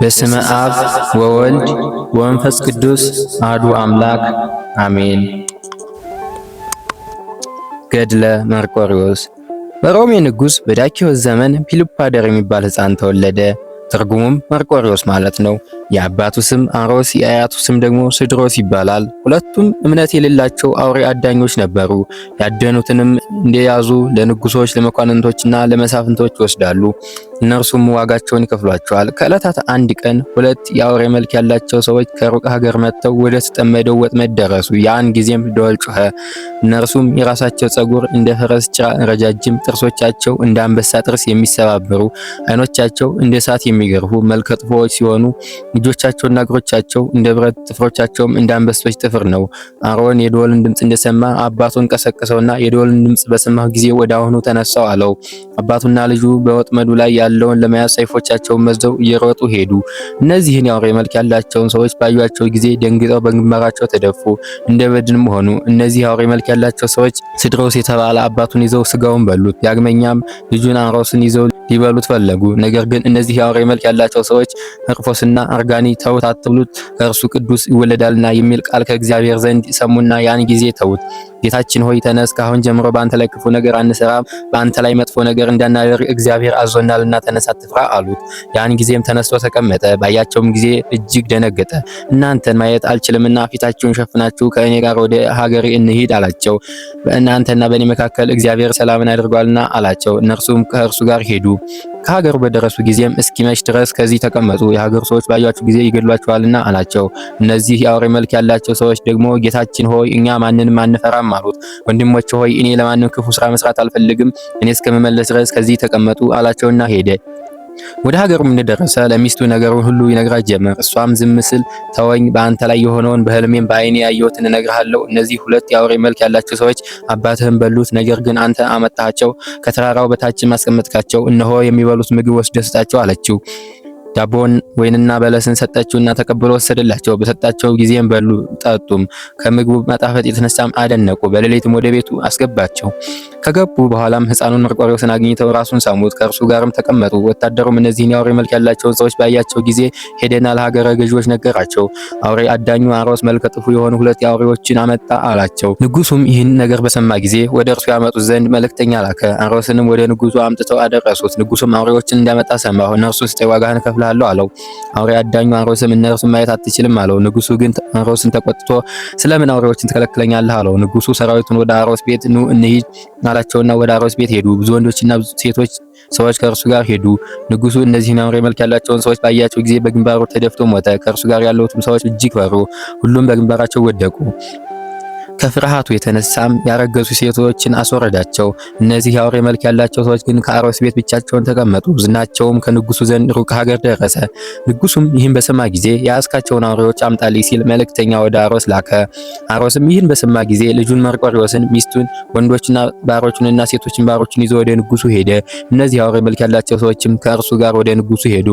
በስመ አብ ወወልድ ወመንፈስ ቅዱስ አህዱ አምላክ አሜን። ገድለ መርቆሪዎስ በሮሜ ንጉሥ በዳኪዎስ ዘመን ፒሉፓደር የሚባል ሕፃን ተወለደ። ትርጉሙም መርቆሪዎስ ማለት ነው። የአባቱ ስም አሮስ የአያቱ ስም ደግሞ ስድሮስ ይባላል። ሁለቱም እምነት የሌላቸው አውሬ አዳኞች ነበሩ። ያደኑትንም እንደያዙ ለንጉሶች፣ ለመኳንንቶችና ለመሳፍንቶች ይወስዳሉ። እነርሱም ዋጋቸውን ይከፍሏቸዋል። ከዕለታት አንድ ቀን ሁለት የአውሬ መልክ ያላቸው ሰዎች ከሩቅ ሀገር መጥተው ወደ ተጠመደው ወጥመድ ደረሱ። ያን ጊዜም ደወል ጮኸ። እነርሱም የራሳቸው ጸጉር እንደ ፈረስ ጭራ ረጃጅም፣ ጥርሶቻቸው እንደ አንበሳ ጥርስ የሚሰባበሩ፣ አይኖቻቸው እንደ እሳት የሚገርፉ መልከ ጥፎዎች ሲሆኑ እጆቻቸውና እግሮቻቸው እንደ ብረት ጥፍሮቻቸውም እንደ አንበሶች ጥፍር ነው። አሮን የደወልን ድምፅ እንደሰማ አባቱን ቀሰቀሰውና የደወልን ድምፅ በሰማሁ ጊዜ ወደ አሁኑ ተነሳው አለው። አባቱና ልጁ በወጥመዱ ላይ ያለውን ለመያዝ ሰይፎቻቸውን መዘው እየሮጡ ሄዱ። እነዚህን የአውሬ መልክ ያላቸውን ሰዎች ባዩቸው ጊዜ ደንግጠው በግንባራቸው ተደፉ፣ እንደ በድንም ሆኑ። እነዚህ አውሬ መልክ ያላቸው ሰዎች ስድሮስ የተባለ አባቱን ይዘው ስጋውን በሉት። ዳግመኛም ልጁን አንሮስን ይዘው ሊበሉት ፈለጉ። ነገር ግን እነዚህ የአውሬ መልክ ያላቸው ሰዎች መርፎስና አርጋኒ ተውት አትብሉት ከእርሱ ቅዱስ ይወለዳልና የሚል ቃል ከእግዚአብሔር ዘንድ ሰሙና ያን ጊዜ ተውት። ጌታችን ሆይ ተነስ፣ ካሁን ጀምሮ በአንተ ላይ ክፉ ነገር አንሰራም፣ በአንተ ላይ መጥፎ ነገር እንዳናደርግ እግዚአብሔር አዞናልና ተነስ፣ አትፍራ አሉት። ያን ጊዜም ተነስቶ ተቀመጠ። ባያቸውም ጊዜ እጅግ ደነገጠ። እናንተን ማየት አልችልምና ፊታችሁን ሸፍናችሁ ከእኔ ጋር ወደ ሀገሬ እንሂድ አላቸው። በእናንተና በእኔ መካከል እግዚአብሔር ሰላምን አድርጓልና አላቸው። እነርሱም ከእርሱ ጋር ሄዱ። ከሀገሩ በደረሱ ጊዜም እስኪመ እስኪመሽ ድረስ ከዚህ ተቀመጡ፣ የሀገር ሰዎች ባያችሁ ጊዜ ይገድሏችኋልና አላቸው። እነዚህ የአውሬ መልክ ያላቸው ሰዎች ደግሞ ጌታችን ሆይ እኛ ማንንም አንፈራም አሉት። ወንድሞች ሆይ እኔ ለማንም ክፉ ስራ መስራት አልፈልግም፣ እኔ እስከምመለስ ድረስ ከዚህ ተቀመጡ አላቸውና ሄደ። ወደ ሀገሩም እንደደረሰ ለሚስቱ ነገሩን ሁሉ ይነግራት ጀመር። እሷም ዝም ስል ተወኝ፣ በአንተ ላይ የሆነውን በህልሜም በአይኔ ያየሁትን እነግርሃለሁ። እነዚህ ሁለት የአውሬ መልክ ያላቸው ሰዎች አባትህን በሉት፣ ነገር ግን አንተ አመጣቸው ከተራራው በታችም አስቀመጥካቸው። እነሆ የሚበሉት ምግብ ወስደህ ስጣቸው አለችው። ዳቦን ወይንና በለስን ሰጠችውና ተቀብሎ ወሰደላቸው። በሰጣቸው ጊዜም በሉ ጠጡም። ከምግቡ መጣፈጥ የተነሳም አደነቁ። በሌሊትም ወደ ቤቱ አስገባቸው። ከገቡ በኋላም ሕፃኑን መርቆሬዎስን አግኝተው ራሱን ሳሙት፣ ከእርሱ ጋርም ተቀመጡ። ወታደሩም እነዚህን የአውሬ መልክ ያላቸውን ሰዎች ባያቸው ጊዜ ሄደና ለሀገረ ገዢዎች ነገራቸው። አውሬ አዳኙ አሮስ መልከ ጥፉ የሆኑ ሁለት አውሬዎችን አመጣ አላቸው። ንጉሱም ይህን ነገር በሰማ ጊዜ ወደ እርሱ ያመጡት ዘንድ መልእክተኛ ላከ። አሮስንም ወደ ንጉሱ አምጥተው አደረሱት። ንጉሱም አውሬዎችን እንዳመጣ ሰማሁ። እነርሱን ስጠይ ዋጋህን ከፍላ እልሃለሁ አለው። አውሬ አዳኙ አንሮስም እነርሱን ማየት አትችልም አለው። ንጉሱ ግን አንሮስን ተቆጥቶ ስለምን አውሬዎችን ትከለክለኛለህ አለው። ንጉሱ ሰራዊቱን ወደ አሮስ ቤት ኑ እንሂድ አላቸውና ወደ አሮስ ቤት ሄዱ። ብዙ ወንዶችና ሴቶች ሰዎች ከእርሱ ጋር ሄዱ። ንጉሱ እነዚህን አውሬ መልክ ያላቸውን ሰዎች ባያቸው ጊዜ በግንባሩ ተደፍቶ ሞተ። ከእርሱ ጋር ያለውትም ሰዎች እጅግ ፈሩ። ሁሉም በግንባራቸው ወደቁ። ከፍርሃቱ የተነሳም ያረገዙ ሴቶችን አስወረዳቸው። እነዚህ የአውሬ መልክ ያላቸው ሰዎች ግን ከአሮስ ቤት ብቻቸውን ተቀመጡ። ዝናቸውም ከንጉሱ ዘንድ ሩቅ ሀገር ደረሰ። ንጉሱም ይህን በሰማ ጊዜ የያዝካቸውን አውሬዎች አምጣልኝ ሲል መልእክተኛ ወደ አሮስ ላከ። አሮስም ይህን በሰማ ጊዜ ልጁን መርቆሪዎስን፣ ሚስቱን፣ ወንዶችና ባሮችንና ሴቶችን ባሮችን ይዞ ወደ ንጉሱ ሄደ። እነዚህ የአውሬ መልክ ያላቸው ሰዎችም ከእርሱ ጋር ወደ ንጉሱ ሄዱ።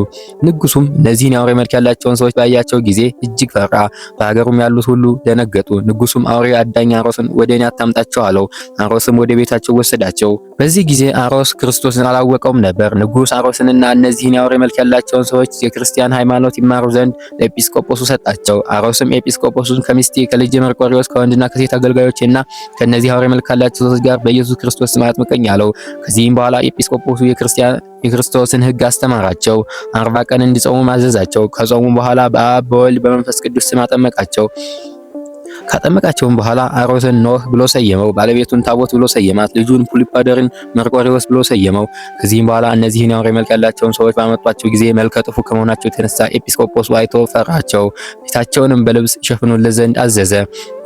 ንጉሱም እነዚህን የአውሬ መልክ ያላቸውን ሰዎች ባያቸው ጊዜ እጅግ ፈራ። በሀገሩም ያሉት ሁሉ ደነገጡ። ንጉሱም አውሬ ዳኛ አሮስን ወደ እኔ አታምጣቸው አለው። አሮስም ወደ ቤታቸው ወሰዳቸው። በዚህ ጊዜ አሮስ ክርስቶስን አላወቀውም ነበር። ንጉሥ አሮስንና እነዚህን የአውሬ መልክ ያላቸውን ሰዎች የክርስቲያን ሃይማኖት ይማሩ ዘንድ ለኤጲስቆጶሱ ሰጣቸው። አሮስም ኤጲስቆጶሱን ከሚስቴ ከልጅ መርቆሪዎስ ከወንድና ከሴት አገልጋዮችና ከእነዚህ አውሬ መልክ ካላቸው ሰዎች ጋር በኢየሱስ ክርስቶስ ስም አጥምቀኝ አለው። ከዚህም በኋላ ኤጲስቆጶሱ የክርስቲያን የክርስቶስን ሕግ አስተማራቸው። አርባ ቀን እንዲጾሙ ማዘዛቸው። ከጾሙ በኋላ በአብ በወልድ በመንፈስ ቅዱስ ስም አጠመቃቸው። ካጠመቃቸውም በኋላ አሮስን ኖህ ብሎ ሰየመው። ባለቤቱን ታቦት ብሎ ሰየማት። ልጁን ፑሊፓደርን መርቆሪዎስ ብሎ ሰየመው። ከዚህም በኋላ እነዚህን ያውሬ መልክ ያላቸውን ሰዎች ባመጧቸው ጊዜ መልከ ጥፉ ከመሆናቸው የተነሳ ኤጲስቆጶስ አይቶ ፈራቸው። ፊታቸውንም በልብስ ይሸፍኑለት ዘንድ አዘዘ።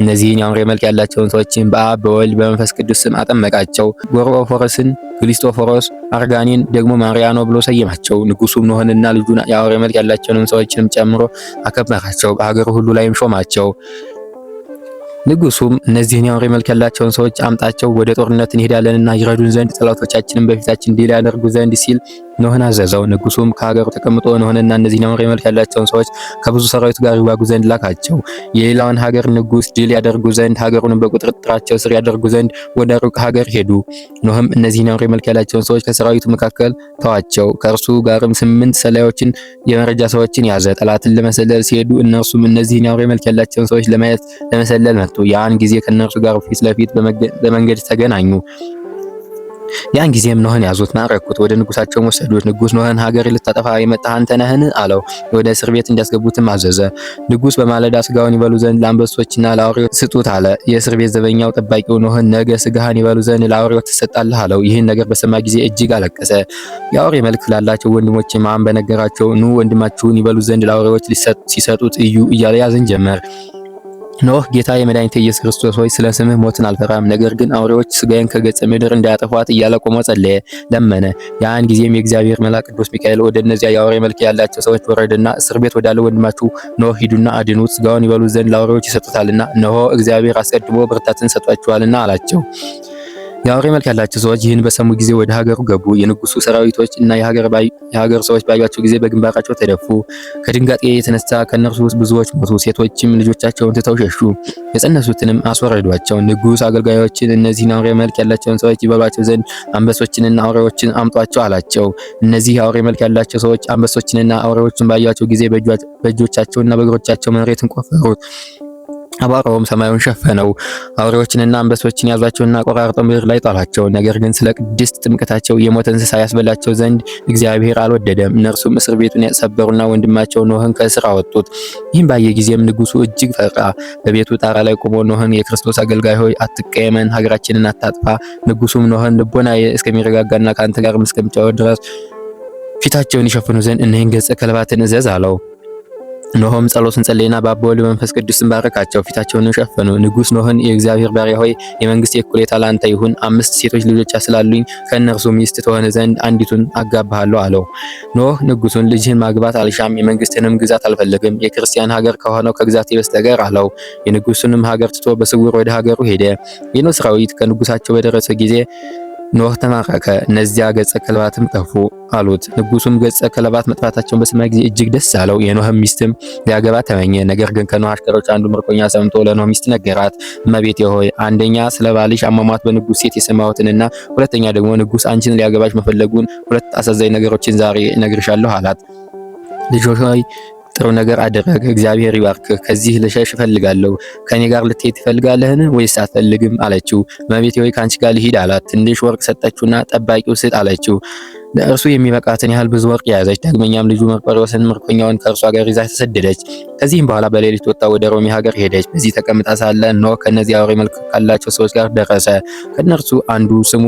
እነዚህን ያውሬ መልክ ያላቸውን ሰዎችን በአብ በወልድ በመንፈስ ቅዱስ ስም አጠመቃቸው። ጎርኦፎረስን ክሊስቶፎሮስ አርጋኒን ደግሞ ማርያኖ ብሎ ሰየማቸው። ንጉሱም ኖህንና ልጁን የአውሬ መልክ ያላቸውንም ሰዎችንም ጨምሮ አከበራቸው። በሀገር ሁሉ ላይም ሾማቸው። ንጉሱም እነዚህን የአውሬ መልክ ያላቸውን ሰዎች አምጣቸው፣ ወደ ጦርነት እንሄዳለንና ይረዱን ዘንድ ጠላቶቻችንን በፊታችን ድል ያደርጉ ዘንድ ሲል ኖህን አዘዘው። ንጉሱም ከሀገሩ ተቀምጦ ኖህንና እነዚህ ነውር መልክ ያላቸውን ሰዎች ከብዙ ሰራዊት ጋር ይዋጉ ዘንድ ላካቸው። የሌላውን ሀገር ንጉስ ድል ያደርጉ ዘንድ ሀገሩንም በቁጥጥራቸው ስር ያደርጉ ዘንድ ወደ ሩቅ ሀገር ሄዱ። ኖህም እነዚህ ነውር መልክ ያላቸውን ሰዎች ከሰራዊቱ መካከል ተዋቸው። ከእርሱ ጋርም ስምንት ሰላዮችን የመረጃ ሰዎችን ያዘ። ጠላትን ለመሰለል ሲሄዱ እነርሱም እነዚህ ነውር መልክ ያላቸውን ሰዎች ለማየት ለመሰለል መጡ። ያን ጊዜ ከእነርሱ ጋር ፊት ለፊት በመንገድ ተገናኙ። ያን ጊዜም ኖህን ያዙት፣ ማረኩት፣ ወደ ንጉሳቸው ወሰዱት። ንጉስ ኖህን ሀገር ልታጠፋ የመጣ አንተ ነህን አለው። ወደ እስር ቤት እንዲያስገቡትም አዘዘ። ንጉስ በማለዳ ስጋውን ይበሉ ዘንድ ለአንበሶችና ለአውሬዎች ስጡት አለ። የእስር ቤት ዘበኛው ጠባቂው ኖህን ነገ ስጋህን ይበሉ ዘንድ ለአውሬዎች ትሰጣለህ አለው። ይህን ነገር በሰማ ጊዜ እጅግ አለቀሰ። የአውሬ መልክ ላላቸው ወንድሞች ማን በነገራቸው ኑ ወንድማችሁን ይበሉ ዘንድ ለአውሬዎች ሲሰጡት እዩ እያለ ያዝን ጀመር። ኖህ ጌታ የመድኃኒቴ ኢየሱስ ክርስቶስ ሆይ ስለ ስምህ ሞትን አልፈራም፣ ነገር ግን አውሬዎች ስጋዬን ከገጸ ምድር እንዳያጠፏት እያለ ቆሞ ጸለየ፣ ለመነ። ያን ጊዜም የእግዚአብሔር መልአክ ቅዱስ ሚካኤል ወደ እነዚያ የአውሬ መልክ ያላቸው ሰዎች ወረደና እስር ቤት ወዳለ ወንድማችሁ ኖህ ሂዱና አድኑት፣ ስጋውን ይበሉ ዘንድ ለአውሬዎች ይሰጡታልና፣ እነሆ እግዚአብሔር አስቀድሞ ብርታትን ሰጧችኋልና አላቸው። የአውሬ መልክ ያላቸው ሰዎች ይህን በሰሙ ጊዜ ወደ ሀገሩ ገቡ። የንጉሱ ሰራዊቶች እና የሀገር ሰዎች ባዩአቸው ጊዜ በግንባራቸው ተደፉ። ከድንጋጤ የተነሳ ከእነርሱ ውስጥ ብዙዎች ሞቱ። ሴቶችም ልጆቻቸውን ትተው ሸሹ፣ የጸነሱትንም አስወረዷቸው። ንጉስ አገልጋዮችን እነዚህን አውሬ መልክ ያላቸውን ሰዎች ይበሏቸው ዘንድ አንበሶችንና አውሬዎችን አምጧቸው አላቸው። እነዚህ የአውሬ መልክ ያላቸው ሰዎች አንበሶችንና አውሬዎችን ባዩአቸው ጊዜ በእጆቻቸውና በእግሮቻቸው መሬትን ቆፈሩት። አቧራውም ሰማዩን ሸፈነው። አውሬዎችንና አንበሶችን ያዟቸውና ቆራርጦ ምድር ላይ ጣሏቸው። ነገር ግን ስለ ቅድስት ጥምቀታቸው የሞተ እንስሳ ያስበላቸው ዘንድ እግዚአብሔር አልወደደም። እነርሱም እስር ቤቱን ሰበሩና ወንድማቸው ኖህን ከእስር አወጡት። ይህም ባየ ጊዜም ንጉሱ እጅግ ፈራ። በቤቱ ጣራ ላይ ቆሞ ኖህን የክርስቶስ አገልጋይ ሆይ አትቀየመን፣ ሀገራችንን አታጥፋ። ንጉሱም ኖህን ልቦና እስከሚረጋጋና ከአንተ ጋርም እስከምጫወት ድረስ ፊታቸውን ይሸፍኑ ዘንድ እነህን ገጸ ከለባትን እዘዝ አለው። ኖሆም ጸሎትን ጸለየና በአብ በወልድ በመንፈስ ቅዱስን ባረካቸው፣ ፊታቸውንም ሸፈኑ። ንጉሥ ኖህን የእግዚአብሔር ባሪያ ሆይ የመንግስት የእኩሌታ ላንተ ይሁን፣ አምስት ሴቶች ልጆች ስላሉኝ ከእነርሱ ሚስት ትሆን ዘንድ አንዲቱን አጋባሃለሁ አለው። ኖህ ንጉሱን ልጅህን ማግባት አልሻም፣ የመንግስትንም ግዛት አልፈልግም፣ የክርስቲያን ሀገር ከሆነው ከግዛት በስተቀር አለው። የንጉሱንም ሀገር ትቶ በስውር ወደ ሀገሩ ሄደ። የኖህ ሰራዊት ከንጉሳቸው በደረሰ ጊዜ ኖህ ተማቀቀ፣ እነዚያ ገጸ ከለባትም ጠፉ አሉት። ንጉሱም ገጸ ከለባት መጥፋታቸውን በሰማ ጊዜ እጅግ ደስ አለው። የኖህ ሚስትም ሊያገባ ተመኘ። ነገር ግን ከኖህ አሽከሮች አንዱ ምርኮኛ ሰምቶ ለኖህ ሚስት ነገራት። እመቤቴ ሆይ አንደኛ ስለ ባልሽ አሟሟት በንጉስ ሴት የሰማሁትንና ሁለተኛ ደግሞ ንጉስ አንቺን ሊያገባሽ መፈለጉን ሁለት አሳዛኝ ነገሮችን ዛሬ ነግርሻለሁ አላት። ልጆች ሆይ ጥሩ ነገር አደረገ። እግዚአብሔር ይባርክህ። ከዚህ ልሸሽ እፈልጋለሁ። ከኔ ጋር ልትሄድ ትፈልጋለህን ወይስ አትፈልግም? አለችው። እመቤቴ ወይ ከአንቺ ጋር ልሂድ አላት። ትንሽ ወርቅ ሰጠችውና ጠባቂው ስጥ አለችው። ለእርሱ የሚበቃትን ያህል ብዙ ወርቅ ያዘች። ዳግመኛም ልጁ መርቆሬዎስን ምርኮኛውን ከእርሱ ጋር ይዛ ተሰደደች። ከዚህም በኋላ በሌሊት ወጣ ወደ ሮሚ ሀገር ሄደች። በዚህ ተቀምጣ ሳለ ኖህ ከነዚህ አውሬ መልክ ካላቸው ሰዎች ጋር ደረሰ። ከነርሱ አንዱ ስሙ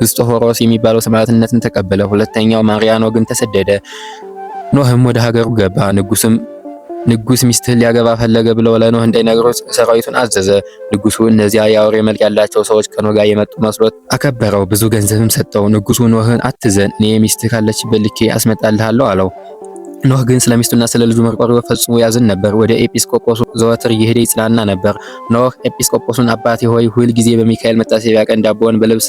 ብስጦሆሮስ የሚባለው ሰማዕትነትን ተቀበለ። ሁለተኛው ማሪያኖ ግን ተሰደደ። ኖህም ወደ ሀገሩ ገባ። ንጉስም ንጉስ ሚስትህ ሊያገባ ፈለገ ብለው ለኖህ እንዳይነግሩት ሰራዊቱን አዘዘ። ንጉሱ እነዚያ የአውሬ መልክ ያላቸው ሰዎች ከኖህ ጋር የመጡ መስሎት አከበረው፣ ብዙ ገንዘብም ሰጠው። ንጉሱ ኖህን አትዘን፣ እኔ ሚስትህ ካለችበት ልኬ አስመጣልሃለሁ አለው። ኖህ ግን ስለ ሚስቱና ስለ ልጁ ፈጽሞ ያዝን ነበር። ወደ ኤጲስቆጶሱ ዘወትር እየሄደ ይጽናና ነበር። ኖህ ኤጲስቆጶሱን አባቴ ሆይ ሁል ጊዜ በሚካኤል መታሰቢያ ቀን ዳቦን በልብስ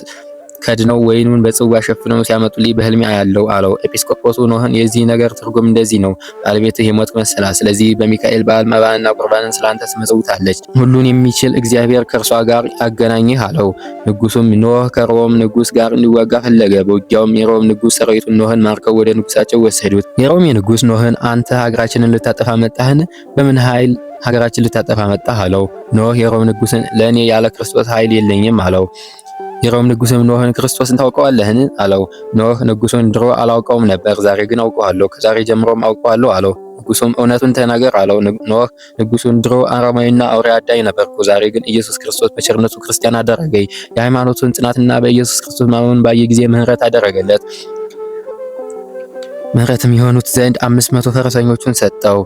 ከድነው ወይኑን በጽዋ ሸፍነው ሲያመጡልኝ በህልሜ አያለው አለው። ኤጲስቆጶሱ ኖህን የዚህ ነገር ትርጉም እንደዚህ ነው፣ ባለቤትህ የሞት መሰላ። ስለዚህ በሚካኤል በዓል መባንና ቁርባንን ስላንተ ትመጸውታለች። ሁሉን የሚችል እግዚአብሔር ከእርሷ ጋር አገናኝህ አለው። ንጉሱም ኖህ ከሮም ንጉስ ጋር እንዲዋጋ ፈለገ። በውጊያውም የሮም ንጉስ ሰራዊቱን ኖህን ማርከው ወደ ንጉሳቸው ወሰዱት። የሮም ንጉስ ኖህን አንተ ሀገራችንን ልታጠፋ መጣህን? በምን ኃይል ሀገራችን ልታጠፋ መጣህ? አለው። ኖህ የሮም ንጉስን ለእኔ ያለ ክርስቶስ ኃይል የለኝም አለው። የሮም ንጉስም ኖህን ክርስቶስን ታውቀዋለህን? አለው። ኖህ ንጉሱን ድሮ አላውቀውም ነበር፣ ዛሬ ግን አውቀዋለሁ፣ ከዛሬ ጀምሮም አውቀዋለሁ አለው። ንጉሱም እውነቱን ተናገር አለው። ኖህ ንጉሱን ድሮ አረማዊና አውሬ አዳኝ ነበርኩ፣ ዛሬ ግን ኢየሱስ ክርስቶስ በቸርነቱ ክርስቲያን አደረገኝ። የሃይማኖቱን ጽናትና በኢየሱስ ክርስቶስ ማመኑን ባየ ጊዜ ምህረት አደረገለት። ምህረትም የሆኑት ዘንድ አምስት መቶ ፈረሰኞቹን ሰጠው።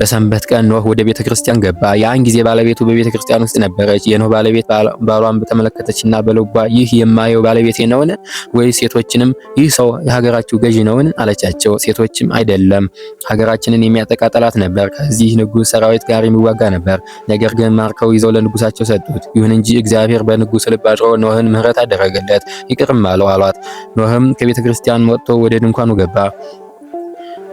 በሰንበት ቀን ኖህ ወደ ቤተ ክርስቲያን ገባ። ያን ጊዜ ባለቤቱ በቤተ ክርስቲያን ውስጥ ነበረች። የኖህ ባለቤት ባሏን በተመለከተችና በልቧ ይህ የማየው ባለቤቴ ነውን? ወይ ሴቶችንም ይህ ሰው የሀገራችሁ ገዢ ነውን? አለቻቸው። ሴቶችም አይደለም፣ ሀገራችንን የሚያጠቃ ጠላት ነበር፣ ከዚህ ንጉሥ ሰራዊት ጋር የሚዋጋ ነበር። ነገር ግን ማርከው ይዘው ለንጉሳቸው ሰጡት። ይሁን እንጂ እግዚአብሔር በንጉሥ ልብ አድሮ ኖህን ምሕረት አደረገለት፣ ይቅርም አለው አሏት። ኖህም ከቤተ ክርስቲያን ወጥቶ ወደ ድንኳኑ ገባ።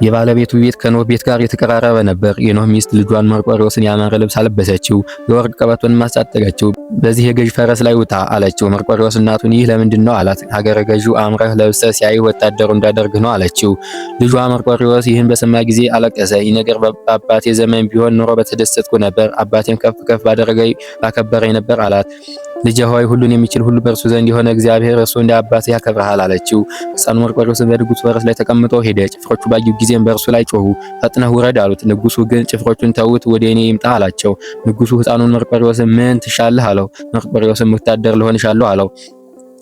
የባለቤቱ ቤት ከኖህ ቤት ጋር የተቀራረበ ነበር። የኖህ ሚስት ልጇን መርቆሪዎስን ያማረ ልብስ አለበሰችው፣ የወርቅ ቀበቶን ማስጣጠቀችው በዚህ የገዥ ፈረስ ላይ ውጣ አለችው። መርቆሬዎስ እናቱን ይህ ለምንድን ነው አላት። ሀገረ ገዢው አምረህ ለብሰ ሲያይ ወታደሩ እንዳደርግ ነው አለችው። ልጇ መርቆሬዎስ ይህን በሰማ ጊዜ አለቀሰ። ይህ ነገር በአባቴ ዘመን ቢሆን ኖሮ በተደሰትኩ ነበር፣ አባቴም ከፍ ከፍ ባደረገ ባከበረኝ ነበር አላት። ልጅ ሆይ ሁሉን የሚችል ሁሉ በእርሱ ዘንድ የሆነ እግዚአብሔር እርሱ እንደ አባትህ ያከብርሃል አለችው። ሕፃኑ መርቆሬዎስን በድጉቱ ፈረስ ላይ ተቀምጦ ሄደ። ጭፍሮቹ ባዩ ጊዜም በእርሱ ላይ ጮሁ፣ ፈጥነህ ውረድ አሉት። ንጉሱ ግን ጭፍሮቹን ተዉት፣ ወደ እኔ ይምጣ አላቸው። ንጉሱ ሕፃኑን መርቆሬዎስን ምን ትሻለህ አለው። መርቆሬዎስም ወታደር ልሆን አለው።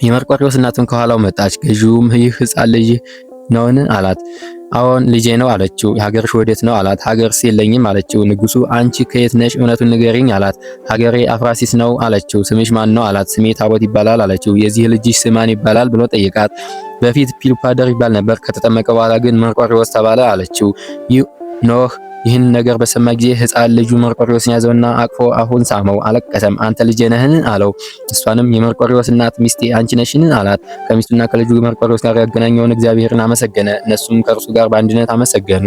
የመርቆሬዎስ እናትም ከኋላው መጣች። ገዢውም ይህ ሕፃን ልጅ ነውን አላት። አዎን ልጄ ነው አለችው። ሀገርሽ ወዴት ነው አላት። ሀገርስ የለኝም አለችው። ንጉሱ አንቺ ከየት ነሽ? እውነቱን ንገሪኝ አላት። ሀገሬ አፍራሲስ ነው አለችው። ስምሽ ማን ነው አላት። ስሜ ታቦት ይባላል አለችው። የዚህ ልጅሽ ስማን ይባላል ብሎ ጠየቃት። በፊት ፒልፓደር ይባል ነበር ከተጠመቀ በኋላ ግን መርቆሬዎስ ተባለ አለችው። ኖህ ይህን ነገር በሰማ ጊዜ ህፃን ልጁ መርቆሪዎስን ያዘውና አቅፎ አሁን ሳመው፣ አለቀሰም። አንተ ልጄ ነህን አለው። እሷንም የመርቆሪዎስ እናት ሚስቴ አንቺ ነሽን አላት። ከሚስቱና ከልጁ መርቆሪዎስ ጋር ያገናኘውን እግዚአብሔርን አመሰገነ። እነሱም ከእርሱ ጋር በአንድነት አመሰገኑ።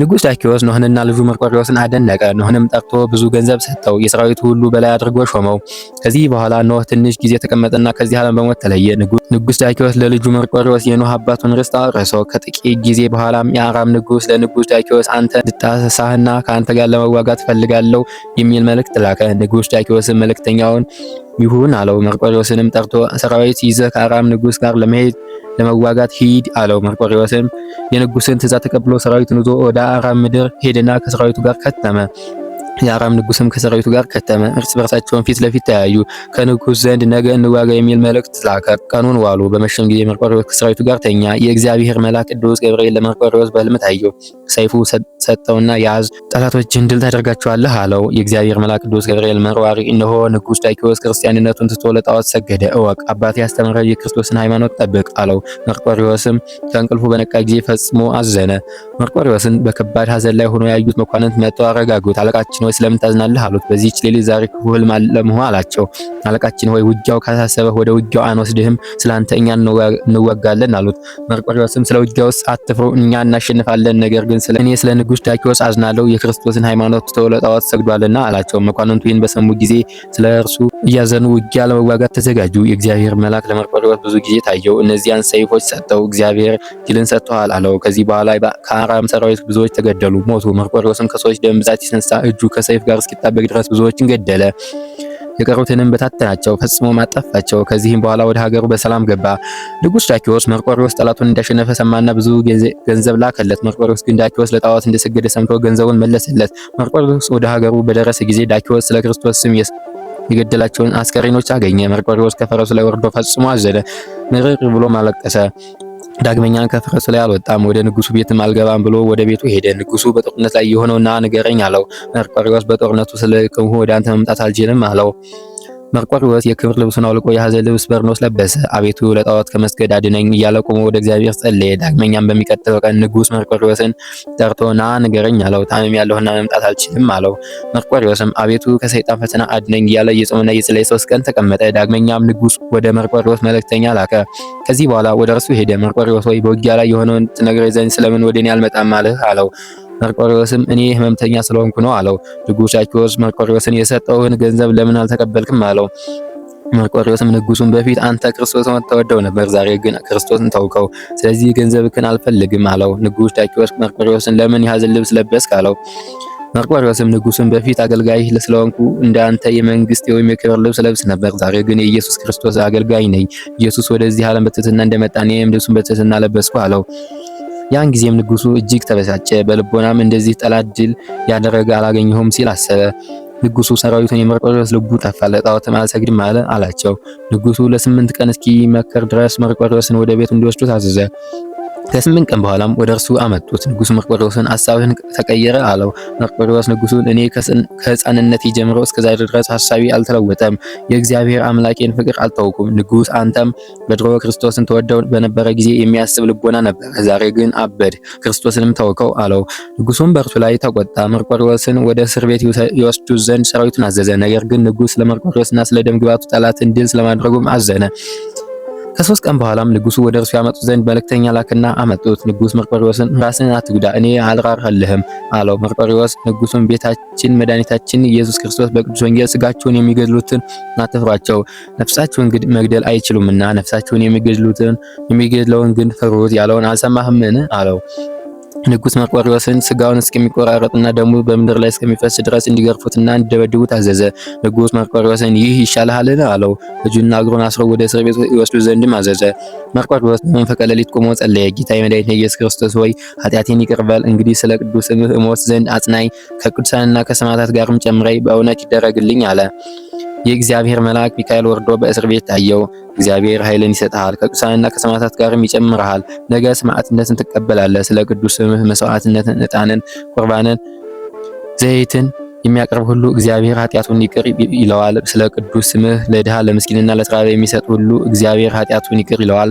ንጉሥ ዳኪዎስ ኖህንና ልጁ መርቆሬዎስን አደነቀ። ኖህንም ጠርቶ ብዙ ገንዘብ ሰጠው፣ የሰራዊቱ ሁሉ በላይ አድርጎ ሾመው። ከዚህ በኋላ ኖህ ትንሽ ጊዜ ተቀመጠና ከዚህ ዓለም በሞት ተለየ። ንጉሥ ዳኪዎስ ለልጁ መርቆሬዎስ የኖህ አባቱን ርስት አወረሰው። ከጥቂት ጊዜ በኋላም የአራም ንጉሥ ለንጉሥ ዳኪዎስ አንተ እንድታሳህና ከአንተ ጋር ለመዋጋት ፈልጋለሁ የሚል መልእክት ላከ። ንጉሥ ዳኪዎስን መልእክተኛውን ይሁን አለው። መርቆሬዎስንም ጠርቶ ሰራዊት ይዘህ ከአራም ንጉስ ጋር ለመሄድ ለመዋጋት ሂድ አለው። መርቆሬዎስም የንጉስን ትእዛዝ ተቀብሎ ሰራዊቱን ይዞ ወደ አራም ምድር ሄደና ከሰራዊቱ ጋር ከተመ። የአራም ንጉስም ከሰራዊቱ ጋር ከተመ። እርስ በርሳቸውን ፊት ለፊት ተያዩ። ከንጉስ ዘንድ ነገ እንዋጋ የሚል መልእክት ላከ። ቀኑን ዋሉ። በመሸም ጊዜ መርቆሬዎስ ከሰራዊቱ ጋር ተኛ። የእግዚአብሔር መልአክ ቅዱስ ገብርኤል ለመርቆሬዎስ በህልም ታየው። ሰይፉ ሰጠውና ያዝ፣ ጠላቶችን ድል ታደርጋቸዋለህ አለው። የእግዚአብሔር መልአክ ቅዱስ ገብርኤል መርዋሪ፣ እነሆ ንጉስ ዳኪዎስ ክርስቲያንነቱን ትቶ ለጣዖት ሰገደ። እወቅ፣ አባቴ ያስተምረ የክርስቶስን ሃይማኖት ጠብቅ አለው። መርቆሬዎስም ከእንቅልፉ በነቃ ጊዜ ፈጽሞ አዘነ። መርቆሬዎስን በከባድ ሀዘን ላይ ሆኖ ያዩት መኳንንት መጥተው አረጋጉት። አለቃችን ነው ወይስ ለምን ታዝናለህ? አሉት። በዚህች ሌሊት ዛሬ ክፉ ህልም አለምሁ አላቸው። አለቃችን ሆይ ውጊያው ካሳሰበህ ወደ ውጊያው አንወስድህም፣ ስላንተ እኛ እንወጋለን አሉት። መርቆሪዎስም ስለ ውጊያውስ አትፍሩ፣ እኛ እናሸንፋለን። ነገር ግን ስለ እኔ ስለ ንጉስ ዳኪዎስ አዝናለሁ፣ የክርስቶስን ሃይማኖት ትቶ ለጣዖት ሰግዷልና አላቸው። መኳንንቱ ይህን በሰሙ ጊዜ ስለ እርሱ እያዘኑ ውጊያ ለመዋጋት ተዘጋጁ። የእግዚአብሔር መልአክ ለመርቆሪዎስ ብዙ ጊዜ ታየው፣ እነዚያን ሰይፎች ሰጠው፣ እግዚአብሔር ድልን ሰጥቶሃል አለው። ከዚህ በኋላ ከአራም ሰራዊት ብዙዎች ተገደሉ፣ ሞቱ። መርቆሪዎስም ከሰዎች ደም ብዛት የተነሳ እጁ ከሰይፍ ጋር እስኪጣበቅ ድረስ ብዙዎችን ገደለ። የቀሩትንም በታተናቸው፣ ፈጽሞ ማጠፋቸው ከዚህም በኋላ ወደ ሀገሩ በሰላም ገባ። ንጉስ ዳኪዎስ መርቆሪዎስ ጠላቱን እንዳሸነፈ ሰማና ብዙ ገንዘብ ላከለት። መርቆሪዎስ ግን ዳኪዎስ ለጣዖት እንደሰገደ ሰምቶ ገንዘቡን መለሰለት። መርቆሪዎስ ወደ ሀገሩ በደረሰ ጊዜ ዳኪዎስ ስለ ክርስቶስ ስም የገደላቸውን አስከሬኖች አገኘ። መርቆሪዎስ ከፈረሱ ላይ ወርዶ ፈጽሞ አዘነ፣ ምርር ብሎ ማለቀሰ ዳግመኛ ከፈረሱ ላይ አልወጣም፣ ወደ ንጉሱ ቤትም አልገባም ብሎ ወደ ቤቱ ሄደ። ንጉሱ በጦርነት ላይ የሆነውና ንገረኝ አለው። መርቆሪዎስ በጦርነቱ ስለቅሁ ወደ አንተ መምጣት አልችልም አለው። መርቆሬዎስ የክብር ልብሱን አውልቆ የሐዘን ልብስ በርኖስ ለበሰ። አቤቱ ለጣዖት ከመስገድ አድነኝ እያለ ቆሞ ወደ እግዚአብሔር ጸለየ። ዳግመኛም በሚቀጥለው ቀን ንጉሥ መርቆሬዎስን ጠርቶ ና ንገረኝ አለው። ታመም ያለውና መምጣት አልችልም አለው። መርቆሬዎስም አቤቱ ከሰይጣን ፈተና አድነኝ እያለ የጾምና እየጸለየ ሶስት ቀን ተቀመጠ። ዳግመኛም ንጉሥ ወደ መርቆሬዎስ መልእክተኛ ላከ። ከዚህ በኋላ ወደ እርሱ ሄደ። መርቆሬዎስ ወይ በውጊያ ላይ የሆነውን ትነግረኝ ዘንድ ስለምን ወደ እኔ አልመጣም አልህ አለው። መርቆሪዎስም እኔ ህመምተኛ ስለሆንኩ ነው አለው። ንጉሥ አኪዮስ መርቆሬዎስን የሰጠውን ገንዘብ ለምን አልተቀበልክም አለው። መርቆሪዎስም ንጉሱን በፊት አንተ ክርስቶስን ተወደው ነበር፣ ዛሬ ግን ክርስቶስን ተውከው፣ ስለዚህ ገንዘብክን አልፈልግም አለው። ንጉሥ ዳኪዎስ መርቆሪዎስን ለምን የሐዘን ልብስ ለበስክ አለው። መርቆሪዎስም ንጉሱን በፊት አገልጋይ ስለሆንኩ እንዳንተ የመንግስት ወይም የክብር ልብስ ለብስ ነበር፣ ዛሬ ግን የኢየሱስ ክርስቶስ አገልጋይ ነኝ። ኢየሱስ ወደዚህ ዓለም በትህትና እንደመጣ እኔም ልብሱን በትህትና ለበስኩ አለው። ያን ጊዜም ንጉሱ እጅግ ተበሳጨ። በልቦናም እንደዚህ ጠላት ድል ያደረገ አላገኘሁም ሲል አሰበ። ንጉሱ ሰራዊቱን የመርቆሬዎስ ልቡ ጠፋ። ለጣዖትም አልሰግድም አለ አላቸው። ንጉሱ ለስምንት ቀን እስኪመከር ድረስ መርቆሬዎስን ወደ ቤቱ እንዲወስዱ ታዘዘ። ከስምንት ቀን በኋላም ወደ እርሱ አመጡት። ንጉሱ መርቆሬዎስን ሐሳብህን ተቀየረ አለው። መርቆሬዎስ ንጉሡን እኔ ከሕፃንነቴ ጀምሮ እስከዛሬ ድረስ ሐሳቢ አልተለወጠም፣ የእግዚአብሔር አምላኬን ፍቅር አልታውኩም። ንጉሥ አንተም በድሮ ክርስቶስን ተወደው በነበረ ጊዜ የሚያስብ ልቦና ነበር፣ ዛሬ ግን አበድ፣ ክርስቶስንም ተውከው አለው። ንጉሡም በእርሱ ላይ ተቆጣ። መርቆሬዎስን ወደ እስር ቤት ይወስዱ ዘንድ ሰራዊቱን አዘዘ። ነገር ግን ንጉሥ ለመርቆሬዎስና ስለ ደምግባቱ ጠላትን ድል ስለማድረጉም አዘነ። ከሶስት ቀን በኋላም ንጉሱ ወደ እርሱ ያመጡ ዘንድ መልእክተኛ ላክና አመጡት። ንጉስ መርቆሪዎስን ራስን አትጉዳ፣ እኔ አልራራልህም አለው። መርቆሪዎስ ንጉሱን ቤታችን መድኃኒታችን ኢየሱስ ክርስቶስ በቅዱስ ወንጌል ስጋቸውን የሚገድሉትን አትፍሯቸው፣ ነፍሳቸውን መግደል አይችሉምና ነፍሳቸውን የሚገድለውን ግን ፍሩት ያለውን አልሰማህምን አለው። ንጉስ መርቆሬዎስን ስጋውን እስከሚቆራረጥና ደሙ በምድር ላይ እስከሚፈስ ድረስ እንዲገርፉትና እንዲደበድቡት አዘዘ። ንጉሥ መርቆሬዎስን ይህ ይሻልሃልን አለው። እጁና እግሩን አስሮ ወደ እስር ቤት ይወስዱ ዘንድም አዘዘ። መርቆሬዎስ በመንፈቀ ሌሊት ቆሞ ጸለየ። ጌታ የመድኃኒት ኢየሱስ ክርስቶስ ሆይ ኃጢአቴን ይቅር እንግዲህ ስለ ቅዱስ እሞት ዘንድ አጽናኝ፣ ከቅዱሳንና ከሰማዕታት ጋርም ጨምረኝ በእውነት ይደረግልኝ አለ። የእግዚአብሔር መልአክ ሚካኤል ወርዶ በእስር ቤት ታየው። እግዚአብሔር ኃይልን ይሰጥሃል፣ ከቅዱሳንና ከሰማዕታት ጋርም ይጨምርሃል። ነገ ሰማዕትነትን ትቀበላለህ። ስለ ቅዱስ ስምህ መስዋዕትነትን፣ ዕጣንን፣ ቁርባንን፣ ዘይትን የሚያቀርብ ሁሉ እግዚአብሔር ኃጢአቱን ይቅር ይለዋል። ስለ ቅዱስ ስምህ ለድሃ ለምስኪንና ለተራበ የሚሰጥ ሁሉ እግዚአብሔር ኃጢአቱን ይቅር ይለዋል።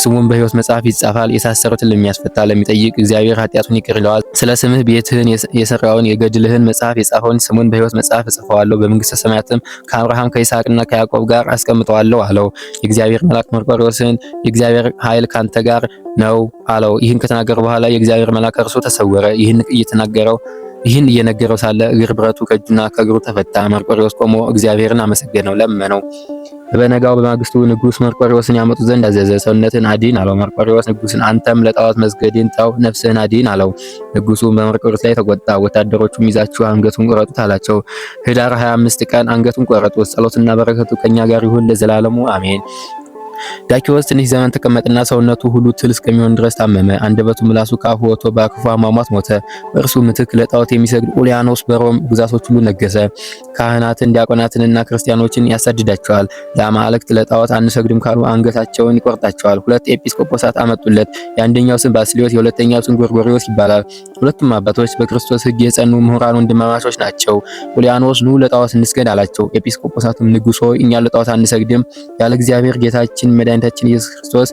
ስሙን በሕይወት መጽሐፍ ይጻፋል። የታሰሩትን ለሚያስፈታ ለሚጠይቅ እግዚአብሔር ኃጢአቱን ይቅር ይለዋል። ስለ ስምህ ቤትህን የሰራውን የገድልህን መጽሐፍ የጻፈውን ስሙን በሕይወት መጽሐፍ እጽፈዋለሁ፣ በመንግስተ ሰማያትም ከአብርሃም ከይስሐቅና ከያዕቆብ ጋር አስቀምጠዋለሁ አለው። የእግዚአብሔር መልአክ መርቆሬዎስን የእግዚአብሔር ኃይል ካንተ ጋር ነው አለው። ይህን ከተናገረ በኋላ የእግዚአብሔር መልአክ እርሱ ተሰወረ። ይህን እየተናገረው ይህን እየነገረው ሳለ እግር ብረቱ ከእጁና ከእግሩ ተፈታ። መርቆሪዎስ ቆሞ እግዚአብሔርን አመሰገነው፣ ለመነው። በነጋው በማግስቱ ንጉስ መርቆሬዎስን ያመጡ ዘንድ አዘዘ። ሰውነትን አዲን አለው። መርቆሪዎስ ንጉስን አንተም ለጣዖት መስገድን ጣው ነፍስህን አዲን አለው። ንጉሱም በመርቆሪዎስ ላይ ተቆጣ። ወታደሮቹም ይዛችሁ አንገቱን ቆረጡት አላቸው። ህዳር 25 ቀን አንገቱን ቆረጡት። ጸሎትና በረከቱ ከኛ ጋር ይሁን ለዘላለሙ አሜን። ዳኪዎስ ትንሽ ዘመን ተቀመጠና ሰውነቱ ሁሉ ትል እስከሚሆን ድረስ ታመመ። አንደበቱ ምላሱ ከአፉ ወጥቶ በአክፉ አሟሟት ሞተ። በእርሱ ምትክ ለጣዖት የሚሰግድ ኡሊያኖስ በሮም ግዛቶች ሁሉ ነገሰ። ካህናትን ዲያቆናትንና ክርስቲያኖችን ያሳድዳቸዋል። ለአማልክት ለጣዖት አንሰግድም ካሉ አንገታቸውን ይቆርጣቸዋል። ሁለት ኤጲስቆጶሳት አመጡለት። የአንደኛው ስም ባስሊዮስ፣ የሁለተኛው ስም ጎርጎሪዎስ ይባላል። ሁለቱም አባቶች በክርስቶስ ሕግ የጸኑ ምሁራን ወንድማማቾች ናቸው። ሁሊያኖስ ኑ ለጣዖት እንስገድ አላቸው። ኤጲስቆጶሳቱም ንጉሶ እኛ ለጣዖት አንሰግድም፣ ያለ እግዚአብሔር ጌታችን መድኃኒታችን ኢየሱስ ክርስቶስ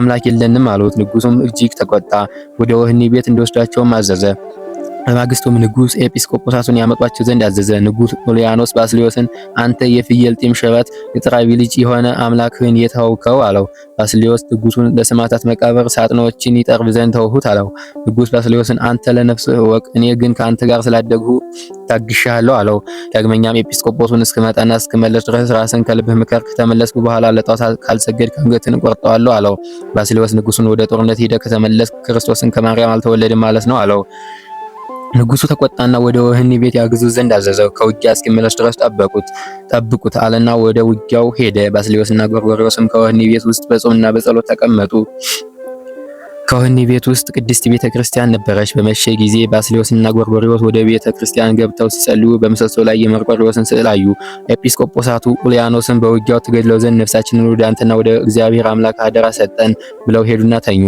አምላክ የለንም አሉት። ንጉሱም እጅግ ተቆጣ። ወደ ወህኒ ቤት እንዲወስዳቸውም አዘዘ። በማግስቱም ንጉስ ኤጲስቆጶሳቱን ያመጧቸው ዘንድ አዘዘ። ንጉስ ኡልያኖስ ባስሊዮስን አንተ የፍየል ጢም ሸበት የጥራቢ ልጅ የሆነ አምላክህን የት አለው። ባስሊዮስ ንጉሱን ለሰማዕታት መቃብር ሳጥኖችን ይጠርብ ዘንድ ተውሁት አለው። ንጉስ ባስሊዮስን አንተ ለነፍስህ ወቅ፣ እኔ ግን ከአንተ ጋር ስላደግሁ ታግሻለሁ አለው። ዳግመኛም ኤጲስቆጶሱን እስክመጣና እስክመለስ ድረስ ራስን ከልብህ ምከር፣ ከተመለስኩ በኋላ ለጣዖት ካልሰገድ አንገትህን ቆርጠዋለሁ አለው። ባስሊዮስ ንጉሱን ወደ ጦርነት ሄደ ከተመለስ ክርስቶስን ከማርያም አልተወለድም ማለት ነው አለው። ንጉሱ ተቆጣና ወደ ወህኒ ቤት ያግዙ ዘንድ አዘዘው። ከውጊያ እስኪመለስ ድረስ ጠበቁት ጠብቁት አለና ወደ ውጊያው ሄደ። ባስሊዮስና ጎርጎርዮስም ከወህኒ ቤት ውስጥ በጾምና በጸሎት ተቀመጡ። ከወህኒ ቤት ውስጥ ቅድስት ቤተ ክርስቲያን ነበረች። በመሸ ጊዜ ባስሌዎስና ጎርጎሪዎስ ወደ ቤተ ክርስቲያን ገብተው ሲጸልዩ በምሰሶ ላይ የመርቆሪዎስን ስዕል አዩ። ኤጲስቆጶሳቱ ኡልያኖስን በውጊያው ትገድለው ዘንድ ነፍሳችንን ወደ አንተና ወደ እግዚአብሔር አምላክ አደራ ሰጠን ብለው ሄዱና ተኙ።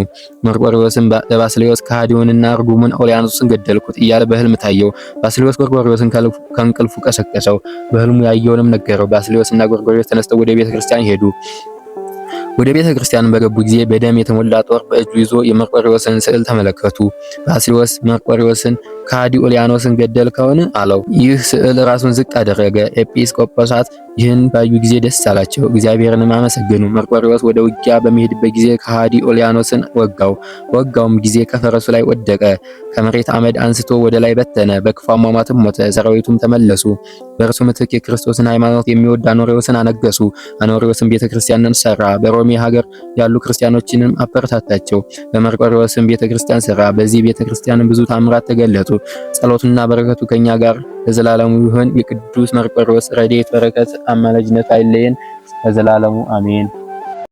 መርቆሪዎስን ለባስሌዎስ ከሃዲውንና እርጉሙን ኡልያኖስን ገደልኩት እያለ በህልም ታየው። ባስሊዮስ ጎርጎሪዎስን ከእንቅልፉ ቀሰቀሰው። በህልሙ ያየውንም ነገረው። ባስሌዎስና ጎርጎሪዎስ ተነስተው ወደ ቤተ ክርስቲያን ሄዱ። ወደ ቤተ ክርስቲያን በገቡ ጊዜ በደም የተሞላ ጦር በእጁ ይዞ የመርቆሪዎስን ስዕል ተመለከቱ። ባስልዮስ መርቆሪዎስን ከሃዲ ገደል ገደልከውን? አለው። ይህ ስዕል ራሱን ዝቅ አደረገ። ኤጲስቆጶሳት ይህን ባዩ ጊዜ ደስ አላቸው፣ እግዚአብሔርንም አመሰገኑ። መርቆሪዎስ ወደ ውጊያ በሚሄድበት ጊዜ ከሃዲ ኦሊያኖስን ወጋው። ወጋውም ጊዜ ከፈረሱ ላይ ወደቀ፣ ከመሬት አመድ አንስቶ ወደ ላይ በተነ። በክፉ አሟሟትም ሞተ። ሰራዊቱም ተመለሱ። በእርሱ ምትክ የክርስቶስን ሃይማኖት የሚወድ አኖሪዎስን አነገሱ። አኖሬዎስን ቤተክርስቲያንን ሰራ። በሮም በሮሜ ሀገር ያሉ ክርስቲያኖችንም አበረታታቸው። በመርቆሪዎስም ቤተክርስቲያን ሰራ። በዚህ ቤተክርስቲያን ብዙ ታምራት ተገለጡ። ጸሎቱና በረከቱ ከኛ ጋር ለዘላለሙ ይሁን። የቅዱስ መርቆሪዎስ ረድኤት በረከት አማላጅነት አይለየን ለዘላለሙ አሜን።